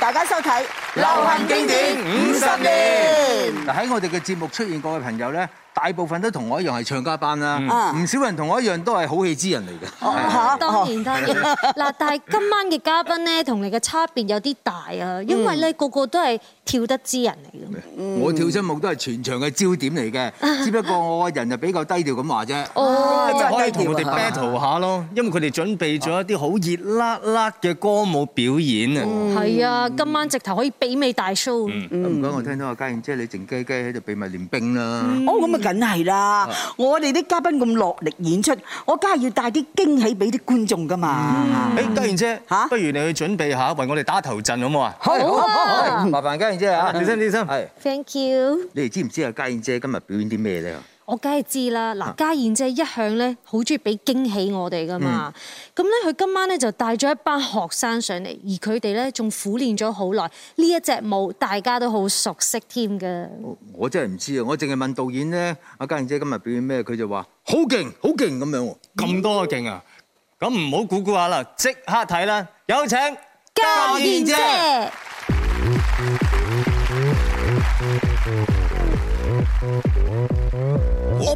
大家收睇。流行經典五十年。嗱，喺我哋嘅節目出現過嘅朋友咧，大部分都同我一樣係唱家班啦。唔、mm. 少人同我一樣都係好戲之人嚟嘅，mm. 的啊。當然當然嗱， 但係今晚嘅嘉賓咧，同你嘅差別有啲大啊，因為咧個個都係跳得之人嚟嘅。Mm. 我跳親舞都係全場嘅焦點嚟嘅，只不過我個人就比較低調咁話啫。 哦，就係可以同我哋 battle 下咯，啊，因為佢哋準備咗一啲好熱辣辣嘅歌舞表演啊。係啊，mm. mm.，今晚直頭可以。媲美大 show？唔該，我聽到阿嘉燕姐你靜雞雞喺度秘密練兵啦。哦，咁啊，梗係啦！我哋啲嘉賓咁落力演出，我梗係要帶啲驚喜俾啲觀眾噶嘛。誒，嘉燕姐，嚇，不如你去準備下，為我哋打頭陣好唔好啊？好啊！麻煩嘉燕姐啊，小心小心。係。Thank you。你哋知唔知阿嘉燕姐今日表演啲咩咧？我梗係知啦，嗱，嘉燕姐一向咧好中意俾驚喜我哋噶嘛，咁咧佢今晚咧就帶咗一班學生上嚟，而佢哋咧仲苦練咗好耐，呢一隻舞大家都好熟悉添噶。我真係唔知啊，我淨係問導演咧，阿嘉燕姐今日表演咩？佢就話好勁，好勁咁樣，咁、嗯、多勁啊！咁唔好估估下啦，即刻睇啦，有請嘉燕姐。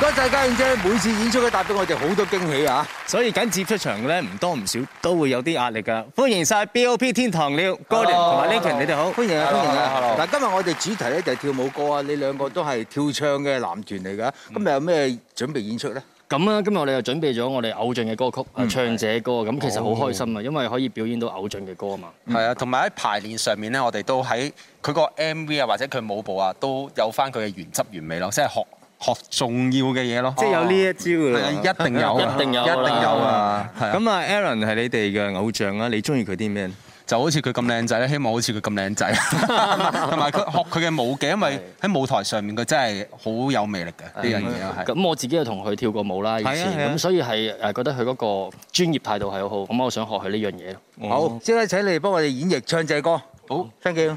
唔該曬家燕姐，每次演出都帶俾我哋好多驚喜啊！所以緊接出場嘅咧，唔多唔少都會有啲壓力噶。歡迎晒 BOP 天堂鳥，Gordon 同埋 Linkin，你哋好歡迎啊！歡迎啊！嗱，今日我哋主題咧就係跳舞歌啊！你兩個都係跳唱嘅男團嚟噶，今日有咩準備演出咧？咁啊、嗯，今日我哋又準備咗我哋偶像嘅歌曲，啊、嗯。唱者歌咁，其實好開心啊，哦、因為可以表演到偶像嘅歌啊嘛。係啊、嗯，同埋喺排練上面咧，我哋都喺佢個 MV 啊，或者佢舞步啊，都有翻佢嘅原汁原味咯，即係學。學重要嘅嘢咯，即係有呢一招嘅，一定有，一定有，一定有啊！咁啊，Aaron 係你哋嘅偶像啊，你中意佢啲咩？就好似佢咁靚仔啦，希望好似佢咁靚仔，同埋佢學佢嘅舞嘅。因為喺舞台上面佢真係好有魅力嘅呢樣嘢啊！咁我自己又同佢跳過舞啦，以前咁，所以係誒覺得佢嗰個專業態度係好好，咁我想學佢呢樣嘢。好，即刻請你哋幫我哋演繹唱隻歌。好，thank you。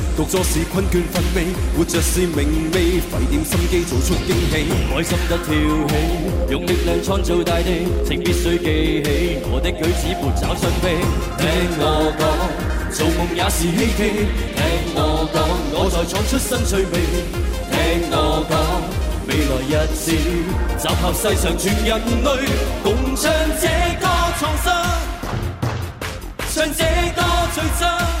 獨坐是困倦乏味，活着是明媚，費點心機做出驚喜，開心得跳起，用力量創造大地，請必須記起我的舉止沒找出悲。聽我講，做夢也是希冀。聽我講，我在闖出新趣味。聽我講，未來日子，就靠世上全人類，共唱這歌創新，唱這歌最真。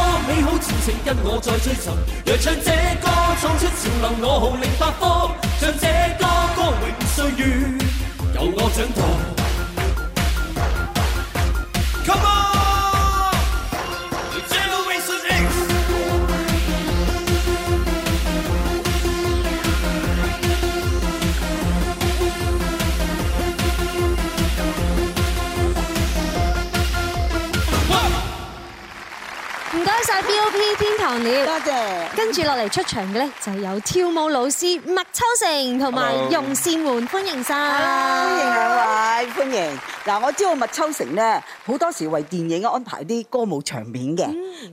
好，請跟我再追尋，若唱這歌，唱出潮流，我號令八方；唱這歌，歌永歲月，由我掌舵。BOP 天堂鳥，多謝。跟住落嚟出場嘅咧，就有跳舞老師麥秋成同埋容，Hello. 容羨媛，歡迎晒，Hello. 歡迎兩位，歡迎。嗱，Hello. 我知道麥秋成咧，好多時為電影安排啲歌舞場面嘅。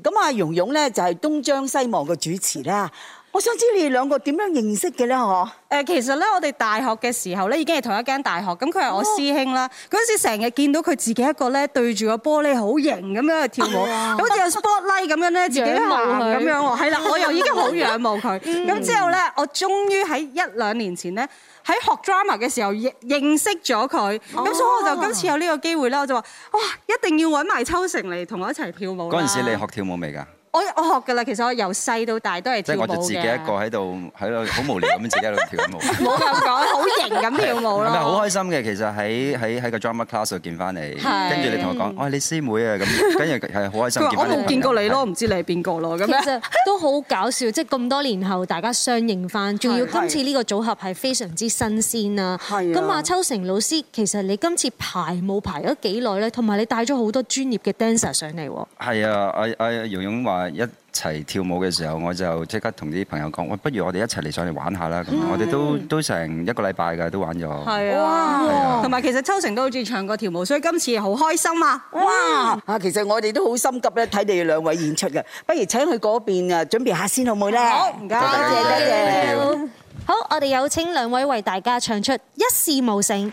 咁啊、嗯，蓉蓉咧就係東張西望嘅主持啦。我想知你哋兩個點樣認識嘅咧？嗬？誒，其實咧，我哋大學嘅時候咧，已經係同一間大學，咁佢係我師兄啦。嗰陣、哦、時成日見到佢自己一個咧，對住個玻璃好型咁樣去跳舞，好似、哎、呀有 spotlight 咁樣咧，自己行咁樣。係啦，我又已經好仰慕佢。咁、 嗯、之後咧，我終於喺一兩年前咧，喺學 drama 嘅時候認認識咗佢。咁、哦、所以我就今次有呢個機會咧，我就話哇，一定要搵埋秋成嚟，同我一齊跳舞啦。嗰陣時你學跳舞未噶？我我學㗎啦，其實我由細到大都係跳舞嘅。即係我哋自己一個喺度，喺度好無聊咁樣自己喺度跳舞。冇咁講，好型咁跳舞咯。係咪好開心嘅？其實喺喺喺個 drama class 度見翻你，跟住你同我講，哇，你師妹啊！咁跟住係好開心結婚嘅我冇見過你咯，唔知你係邊個咯？咁樣都好搞笑，即係咁多年後大家相認翻，仲要今次呢個組合係非常之新鮮啊！係啊。咁麥秋成老師，其實你今次排舞排咗幾耐咧？同埋你帶咗好多專業嘅 dancer 上嚟喎。係啊，阿阿楊勇話。一齊跳舞嘅時候，我就即刻同啲朋友講：，喂不如我哋一齊嚟上嚟玩下啦！咁，我哋都都成一個禮拜嘅都玩咗。係啊，同埋的其實秋成都好鍾意唱歌跳舞，所以今次好開心啊！哇！啊哇，其實我哋都好心急咧，睇你哋兩位演出嘅，不如請佢嗰邊啊，準備一下先好唔好咧？好，唔該，多謝多謝。謝謝好，我哋有請兩位為大家唱出《一事無成》。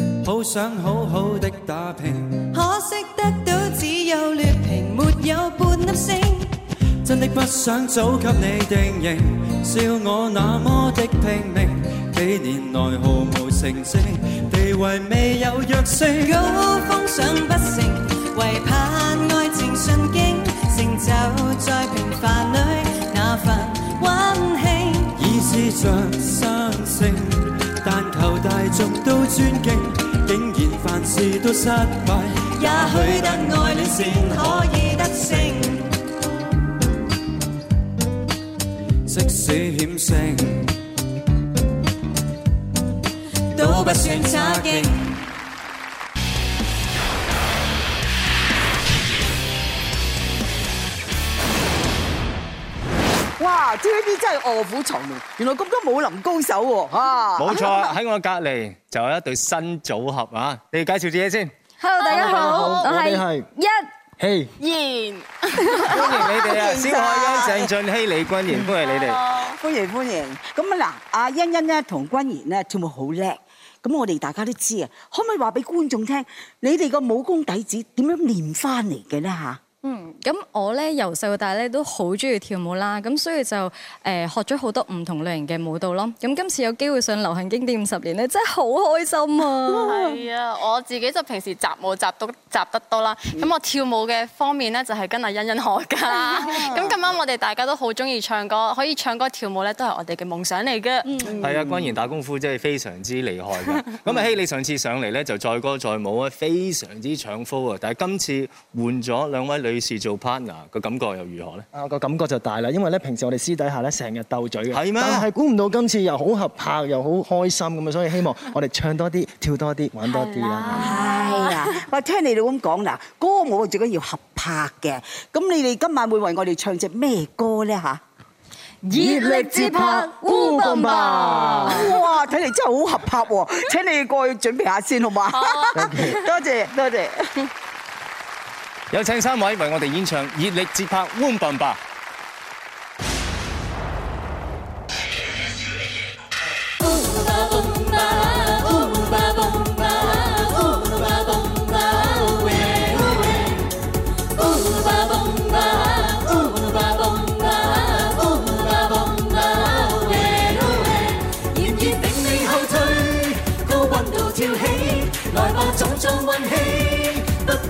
好想好好的打拼，可惜得到只有劣評，沒有半粒星。真的不想早給你定型，笑我那麼的拼命，幾年來毫無成績，地位未有躍升，高峰上不成，唯盼愛情順境，成就在平凡裏那份溫馨，已試着生性，但求大眾都尊敬。竟然凡事都失敗，也許等愛戀先可以得勝，即使險勝都不算差勁。哇！TVB 真係卧虎藏龍，原來咁多武林高手喎嚇！冇錯，喺我隔離就有一對新組合啊！你介紹自己先。Hello，大家好。我哋係一言。歡迎你哋啊，小海、鄭雋熙、李君妍，歡迎你哋。歡迎歡迎。咁啊嗱，阿欣欣咧同君妍咧跳舞好叻，咁我哋大家都知啊，可唔可以話俾觀眾聽，你哋個武功底子點樣練翻嚟嘅咧嚇？嗯，咁我咧由細到大咧都好中意跳舞啦，咁所以就誒、呃、學咗好多唔同類型嘅舞蹈咯。咁今次有機會上流行經典五十年咧，真係好開心啊！係、嗯、啊，我自己就平時習舞習都習得多啦。咁我跳舞嘅方面咧就係跟阿欣欣學噶啦。咁今晚我哋大家都好中意唱歌，可以唱歌跳舞咧都係我哋嘅夢想嚟嘅。係、嗯嗯、啊，君妍打功夫真係非常之厲害嘅。咁啊希你上次上嚟咧就載歌載舞啊，非常之搶風啊。但係今次換咗兩位女。於是做 partner 個感覺又如何咧？啊，個感覺就大啦，因為咧平時我哋私底下咧成日鬥嘴嘅，但係估唔到今次又好合拍，又好開心咁啊！所以希望我哋唱多啲，跳多啲，玩多啲啦。係啊，我聽你哋咁講嗱，歌我最緊要合拍嘅，咁你哋今晚會為我哋唱隻咩歌咧嚇？熱力節拍烏龜嘛！哇，睇嚟真係好合拍喎！請你過去準備下先好嗎？多謝多謝。有請三位為我哋演唱熱力節拍《Warm Up》吧。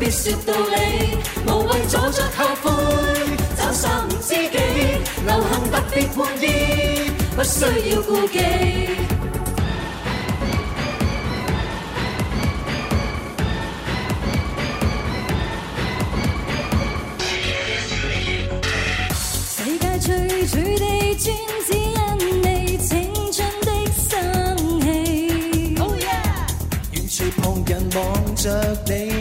別說道理，無謂阻足後悔，找三知己，流行不必意，不需要顧忌。世界最處地轉，只因你青春的生氣。Oh yeah，遠處旁人望着你。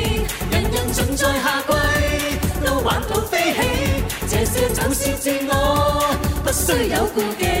盡在夏季都玩到飛起，這些就是自我，不需有顧忌。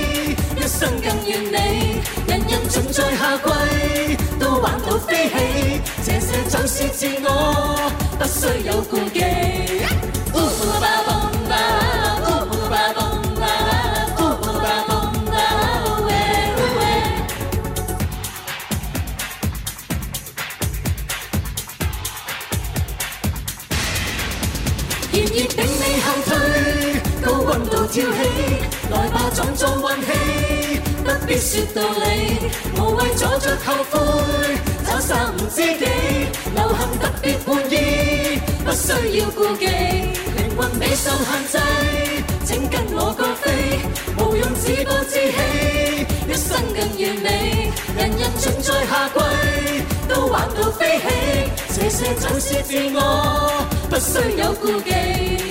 更願你人人總在夏季，都玩到飛起，這些就是自我，不需有顧忌。說道理，無謂阻着後悔，找三五知己，流行特別玩意，不需要顧忌，靈魂未受限制，請跟我高飛，無用自暴自棄，一生更完美，人人盡在下季，都玩到飛起，這些就是自我，不需有顧忌。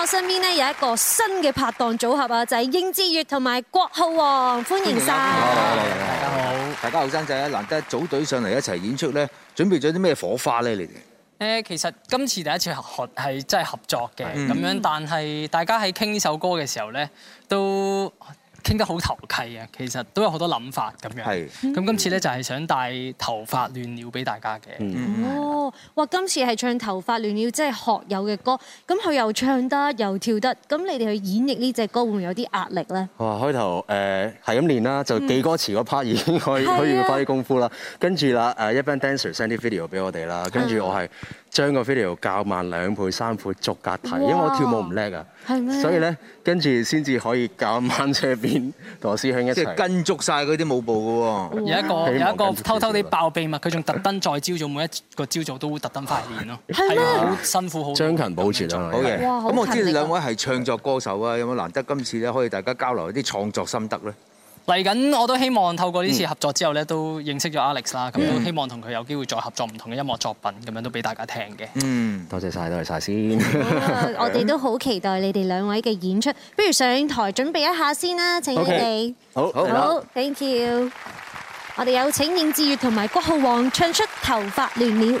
我身邊咧有一個新嘅拍檔組合啊，就係、是、應智越同埋郭浩皇，歡迎晒迎，大家好，大家好生仔啊，難得組隊上嚟一齊演出咧，準備咗啲咩火花咧？你哋誒，其實今次第一次合作係真係合作嘅咁樣，嗯、但係大家喺傾呢首歌嘅時候咧，都傾得好投契啊，其實都有好多諗法咁樣。係是。咁今次咧就係想帶《頭髮亂了》俾大家嘅。嗯、哦，哇！今次係唱《頭髮亂了》，即係學友嘅歌。咁佢又唱得，又跳得。咁你哋去演繹呢隻歌，會唔會有啲壓力咧？哇、啊！開頭誒係咁練啦，就記歌詞嗰 part 已經可以、嗯、可以花啲功夫啦。跟住啦，誒一班 dancer send 啲 video 俾我哋啦。跟住我係。嗯將個 video 教慢兩倍三倍逐格睇，因為我跳舞唔叻啊，所以咧跟住先至可以教慢車邊同我師兄一齊，即係跟足晒嗰啲舞步㗎喎。哇有一個一有一個偷偷地爆秘密，佢仲特登再朝早每一個朝早都會特登發片咯。係啊嗎，好辛苦，好將勤保持，好嘅，咁我知你兩位係唱作歌手啊，有冇難得今次咧可以大家交流一啲創作心得咧？嚟緊，我都希望透過呢次合作之後咧，嗯、都認識咗 Alex 啦。咁都希望同佢有機會再合作唔同嘅音樂作品，咁樣都俾大家聽嘅、嗯。嗯，多謝晒，多謝晒。先。我哋都好期待你哋兩位嘅演出，不如上台準備一下先啦，請你哋。好好。Thank you。我哋有請應智越同埋郭浩皇唱出頭髮亂了。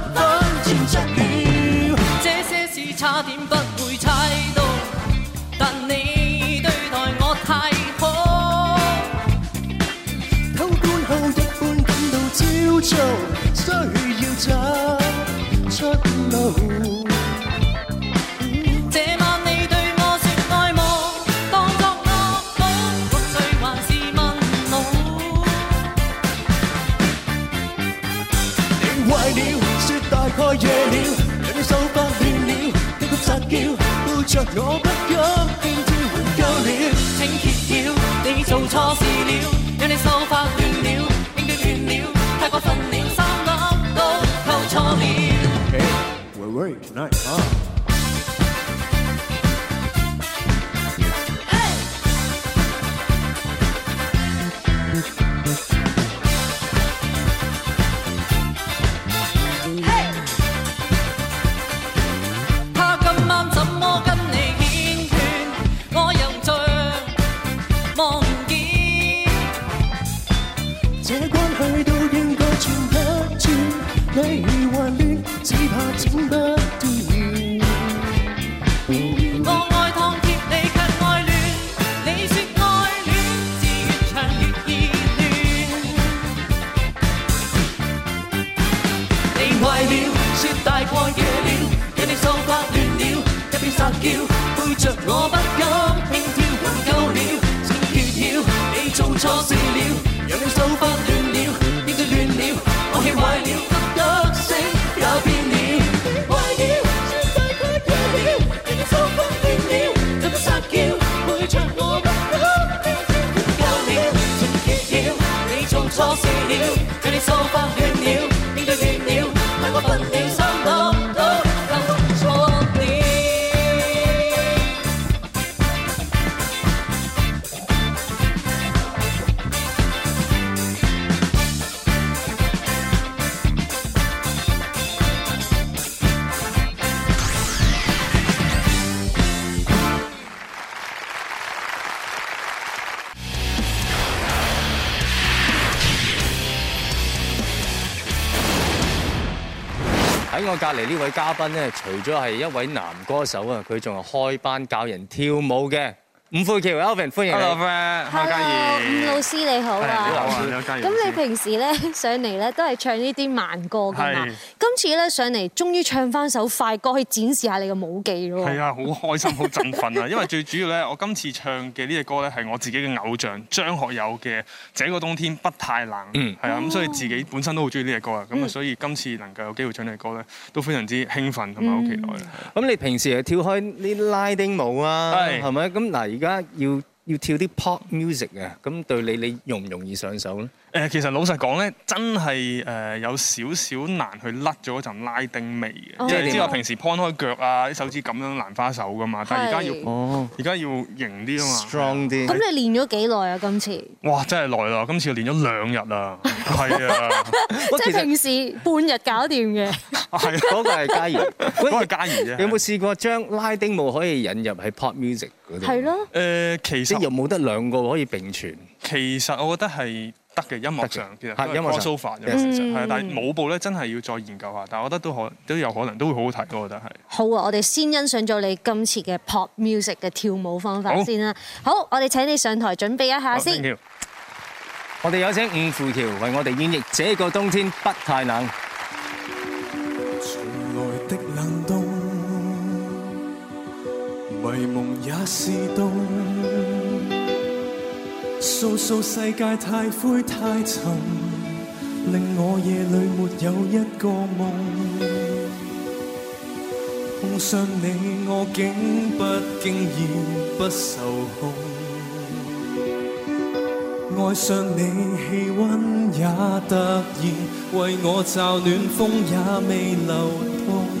我不敢斷絕，夠了，請揭曉。你做錯事了，讓你秀髮亂了，應該亂了。太過分了，三粒都扣錯了。隔籬呢位嘉賓咧，除咗係一位男歌手啊，佢仲係開班教人跳舞嘅。伍富橋，Elvin 歡迎你。哈嘩 Hello, friend.，哈家怡，伍老師你好啊！咁你、啊、你，你平時咧上嚟咧都係唱呢啲慢歌噶嘛？是今次咧上嚟，終於唱翻首快歌，去展示下你嘅舞技咯！係啊，好開心，好振奮啊！ 因為最主要咧，我今次唱嘅呢隻歌咧係我自己嘅偶像張學友嘅《這個冬天不太冷》，嗯，係啊，咁所以自己本身都好中意呢隻歌啊！咁啊、嗯，所以今次能夠有機會唱呢隻歌咧，都非常之興奮同埋好期待。咁、嗯、你平時又跳開啲拉丁舞啊？係咪是？咁嗱。而家要要跳啲 pop music 啊，咁對你你容唔容易上手咧？誒，其實老實講咧，真係誒有少少難去甩咗陣拉丁味嘅，即係知道我平時 point 開腳啊，啲手指咁樣蘭花手噶嘛。但係而家要，而家、哦、要型啲啊嘛。strong 啲。咁了你練咗幾耐啊？今次哇，真係耐啦！今次練咗兩日啦，係啊。即係平時半日搞掂嘅。 係、那、嗰個係嘉怡，嗰喂個係嘉怡啫。有冇試過將拉丁舞可以引入喺 Pop Music 嗰度？係咯了。誒、呃、其實即係又冇得兩個可以並存。其實我覺得係。得嘅音樂上實音樂上實歌但法係，舞步咧真係要再研究下。嗯、但係我覺得都可都有可能都會好好睇我覺得係。好啊，我哋先欣賞咗你今次嘅 pop music 嘅跳舞方法先啦。好，好，我哋請你上台準備一下先。謝謝。我哋有請伍富橋為我哋演繹這個冬天不太冷。從來的冷凍，迷夢也是冬。數數世界太灰太沉，令我夜裏沒有一個夢。碰上你我竟不經意不受控，愛上你氣溫也突然為我驟暖，風也未留痛。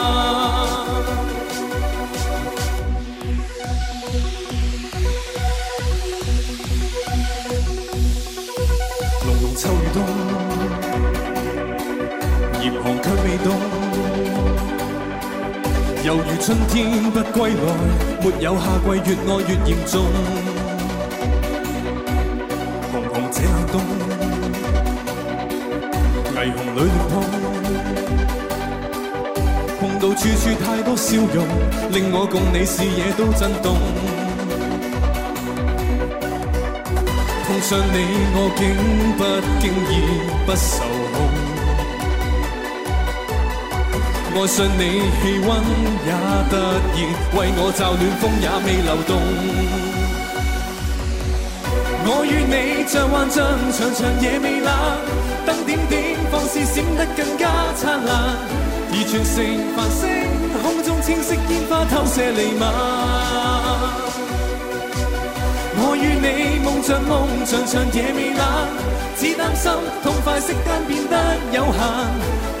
猶如春天不歸來，沒有夏季越愛越嚴重。紅紅這冷冬，霓虹裏亂碰，碰到處處太多笑容，令我共你視野都震動。碰上你，我竟不經意不守。愛上你，氣温也突然為我驟暖，風也未流動。我與你像幻象，長長夜未冷，燈點點，放肆閃得更加燦爛。而全城繁星，空中清晰煙花透射彌漫。我與你夢像夢，長長夜未冷，只擔心痛快瞬間變得有限。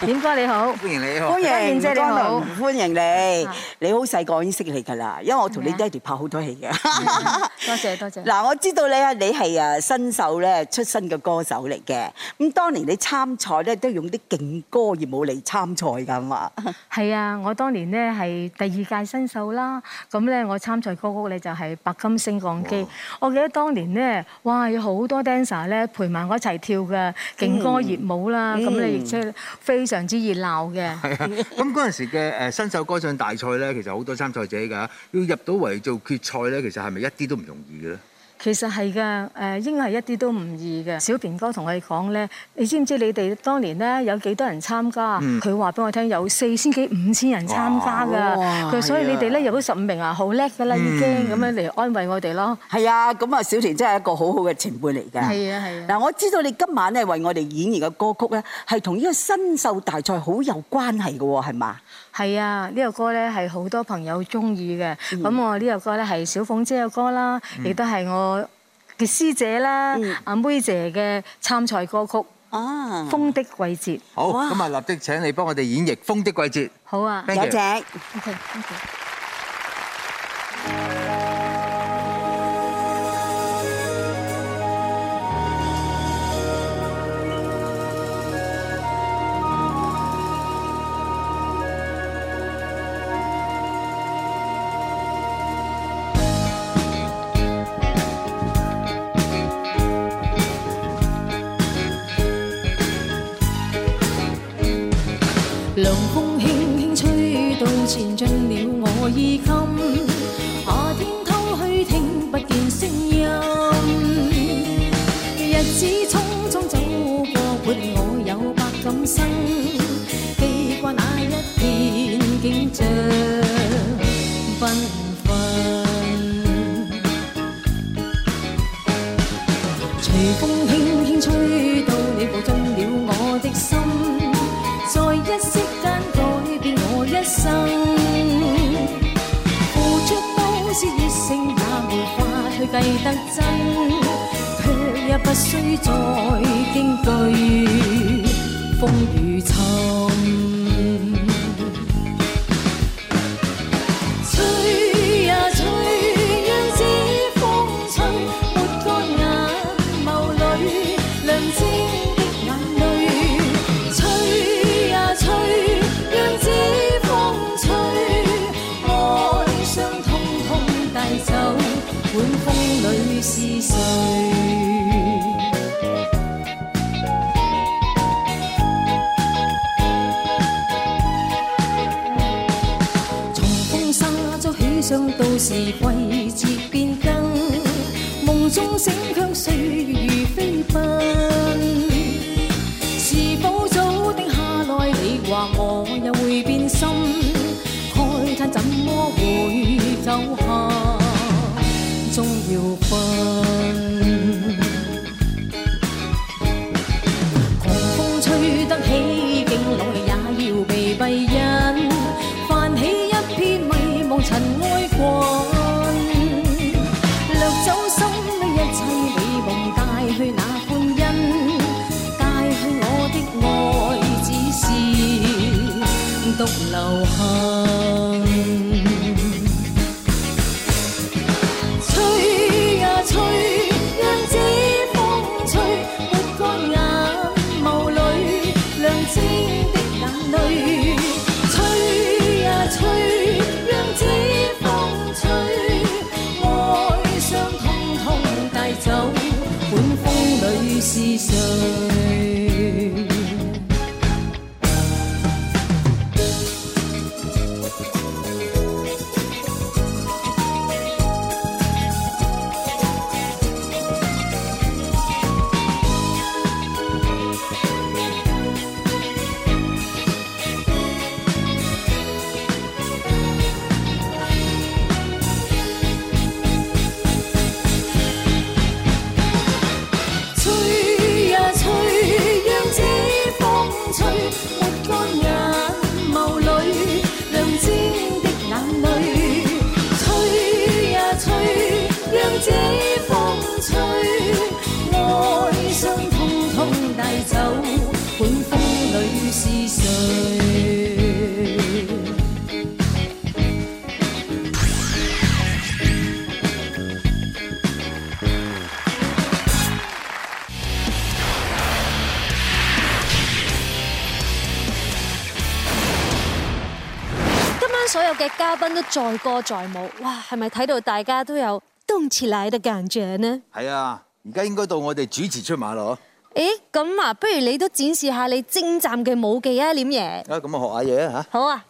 點哥你好，歡迎你，歡迎建姐你好，歡迎你。你好細個已經識你噶啦，因為我同你爹哋拍好多戲嘅。多謝多謝。嗱，我知道咧，你係啊新秀咧出身嘅歌手嚟嘅。咁當年你參賽咧都用啲勁歌熱舞嚟參賽㗎嘛？係啊，我當年咧係第二屆新秀啦。咁咧我參賽歌曲咧就係《白金升降機》。我記得當年咧，哇，有好多 dancer 咧陪埋我一齊跳嘅勁歌熱舞啦。咁你亦即係。非常之熱鬧嘅，那時候嗰陣時嘅新秀歌唱大賽呢，其實好多參賽者㗎，要入到圍做決賽呢，其實係咪一啲都唔容易啊？其實係噶，誒應該係一啲都唔易嘅。小田哥同我哋講咧，你知唔知你哋當年咧有幾多人參加？佢話俾我聽有四千幾五千人參加㗎。佢所以你哋咧入到十五名啊，好叻㗎啦，已經咁樣嚟安慰我哋咯。係啊，咁啊，小田真係一個好好嘅前輩嚟㗎。係啊係啊。嗱，我知道你今晚咧為我哋演繹嘅歌曲咧，係同呢個新秀大賽好有關係㗎喎，係嘛？係啊，呢個歌呢係好多朋友中意嘅，咁，嗯，我呢首歌呢係小鳳姐嘅歌啦，亦都係我嘅師姐啦，阿妹姐，嗯，嘅參賽歌曲啊，《風的季節》。好，咁啊哇，立即請你幫我哋演繹《風的季節》。好啊，謝謝，有隻。是季節變更，夢中醒卻歲月如飛奔。載歌載舞，哇！係咪睇到大家都有都唔似拉得咁呢？係啊，而家應該到我哋主持出馬咯。誒，咁啊，不如你都展示下你精湛嘅武技啊，點爺。啊，咁啊，學下嘢吓。好啊。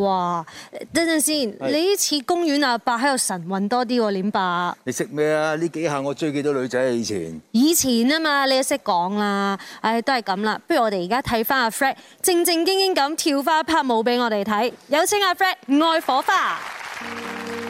哇！等陣先，是你呢次公園阿伯喺度神運多啲喎，廉伯。你識咩啊？呢幾下我追幾多女仔啊？以前。以前啊嘛，你都識講啦。唉、哎，都係咁啦。不如我哋而家睇翻阿 Fred 正正經經咁跳翻一 part 舞俾我哋睇。有請阿 Fred《愛火花》嗯。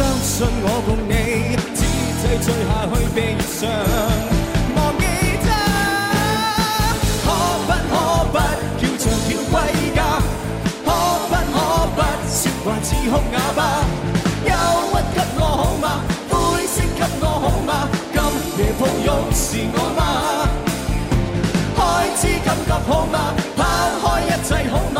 相信我，共你只繼續下去悲傷，忘記他。可不可不要着叫歸家？可不可不說話似空啞巴？憂鬱給我好嗎？灰色給我好嗎？今夜抱擁是我嗎？開始感覺好嗎？拋開一切好嗎？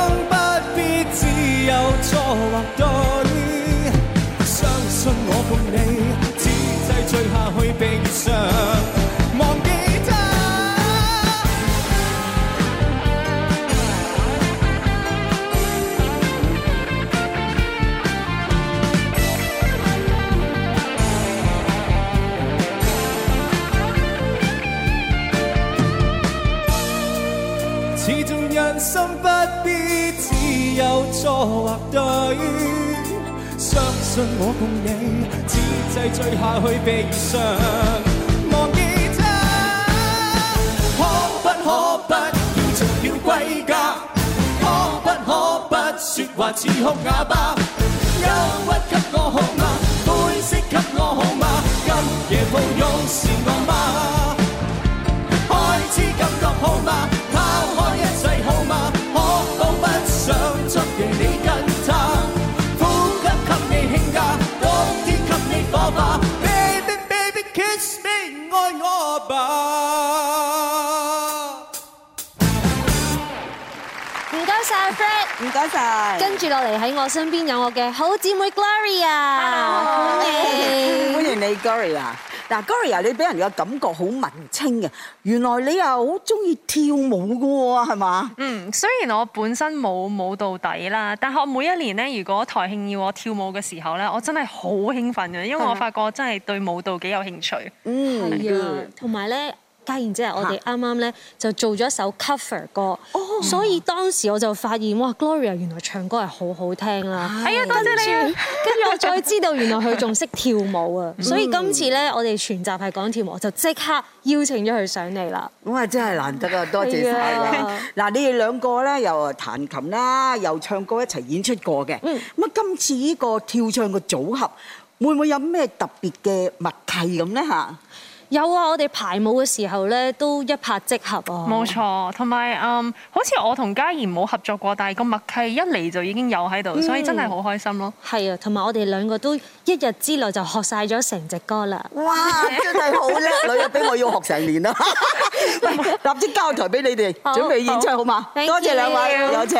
錯或對，多多相信我共你，只繼續下去，悲傷。錯或對，相信我共你，只繼最下去悲傷，忘記他。可不可不要急着要歸家？可不可不說話似，似哭啞巴？憂鬱給我好嗎？灰色給我好嗎？今夜抱擁是我嗎？開始感覺好嗎？拋開一切好嗎？可我不想。唔該晒，跟住落嚟喺我身邊有我嘅好姊妹 Gloria，歡迎你，歡迎你 Gloria。嗱 Gloria，你俾人嘅感覺好文青嘅，原來你又好中意跳舞㗎喎，係嘛？嗯，雖然我本身冇舞蹈底啦，但係我每一年咧，如果台慶要我跳舞嘅時候咧，我真係好興奮嘅，因為我發覺我真係對舞蹈幾有興趣。嗯的，係啊的，同埋咧。然之後，我哋啱啱咧就做咗一首 cover 歌，啊、所以當時我就發現哇，Gloria 原來唱歌係好好聽啦！係啊、哎，多謝你。跟住我再知道原來佢仲識跳舞啊，嗯、所以今次咧我哋全集係講跳舞，就即刻邀請咗佢上嚟啦。哇，真係難得啊！多謝晒！嗱， 你哋兩個咧又彈琴啦，又唱歌一齊演出過嘅。嗯。咁今次呢個跳唱個組合會唔會有咩特別嘅默契咁咧？吓。有啊，我哋排舞嘅時候咧，都一拍即合啊！冇錯，同埋嗯，好似我同嘉怡冇合作過，但係個默契一嚟就已經有喺度，所以真係好開心咯、啊嗯！係啊，同埋我哋兩個都一日之內就學晒咗成隻歌啦！哇，對 真係好叻！ 女嘅俾我要學成年啦！ 立即交台俾你哋好準備演唱好嘛？多謝兩位，有請。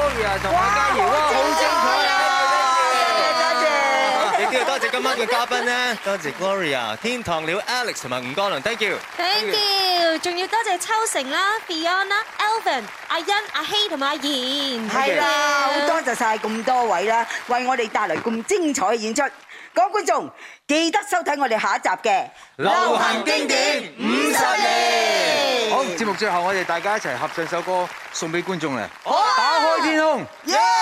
Gloria 同阿嘉儀，哇，好精彩啊！多謝，謝，多謝，謝，亦都要多謝今晚嘅嘉賓咧，多 謝，謝 Gloria、天堂鳥 Alex 同埋吳江倫，Thank you，Thank you，仲要多謝，謝秋成啦、Fiona、Alvin、阿欣、阿希同埋阿妍，係啦謝，好多謝晒咁多位啦，為我哋帶來咁精彩嘅演出。各位觀眾，記得收睇我哋下一集嘅流行經典五十年。好，節目最後我哋大家一齊合唱首歌送俾觀眾嚟，好，打開天空。Yeah.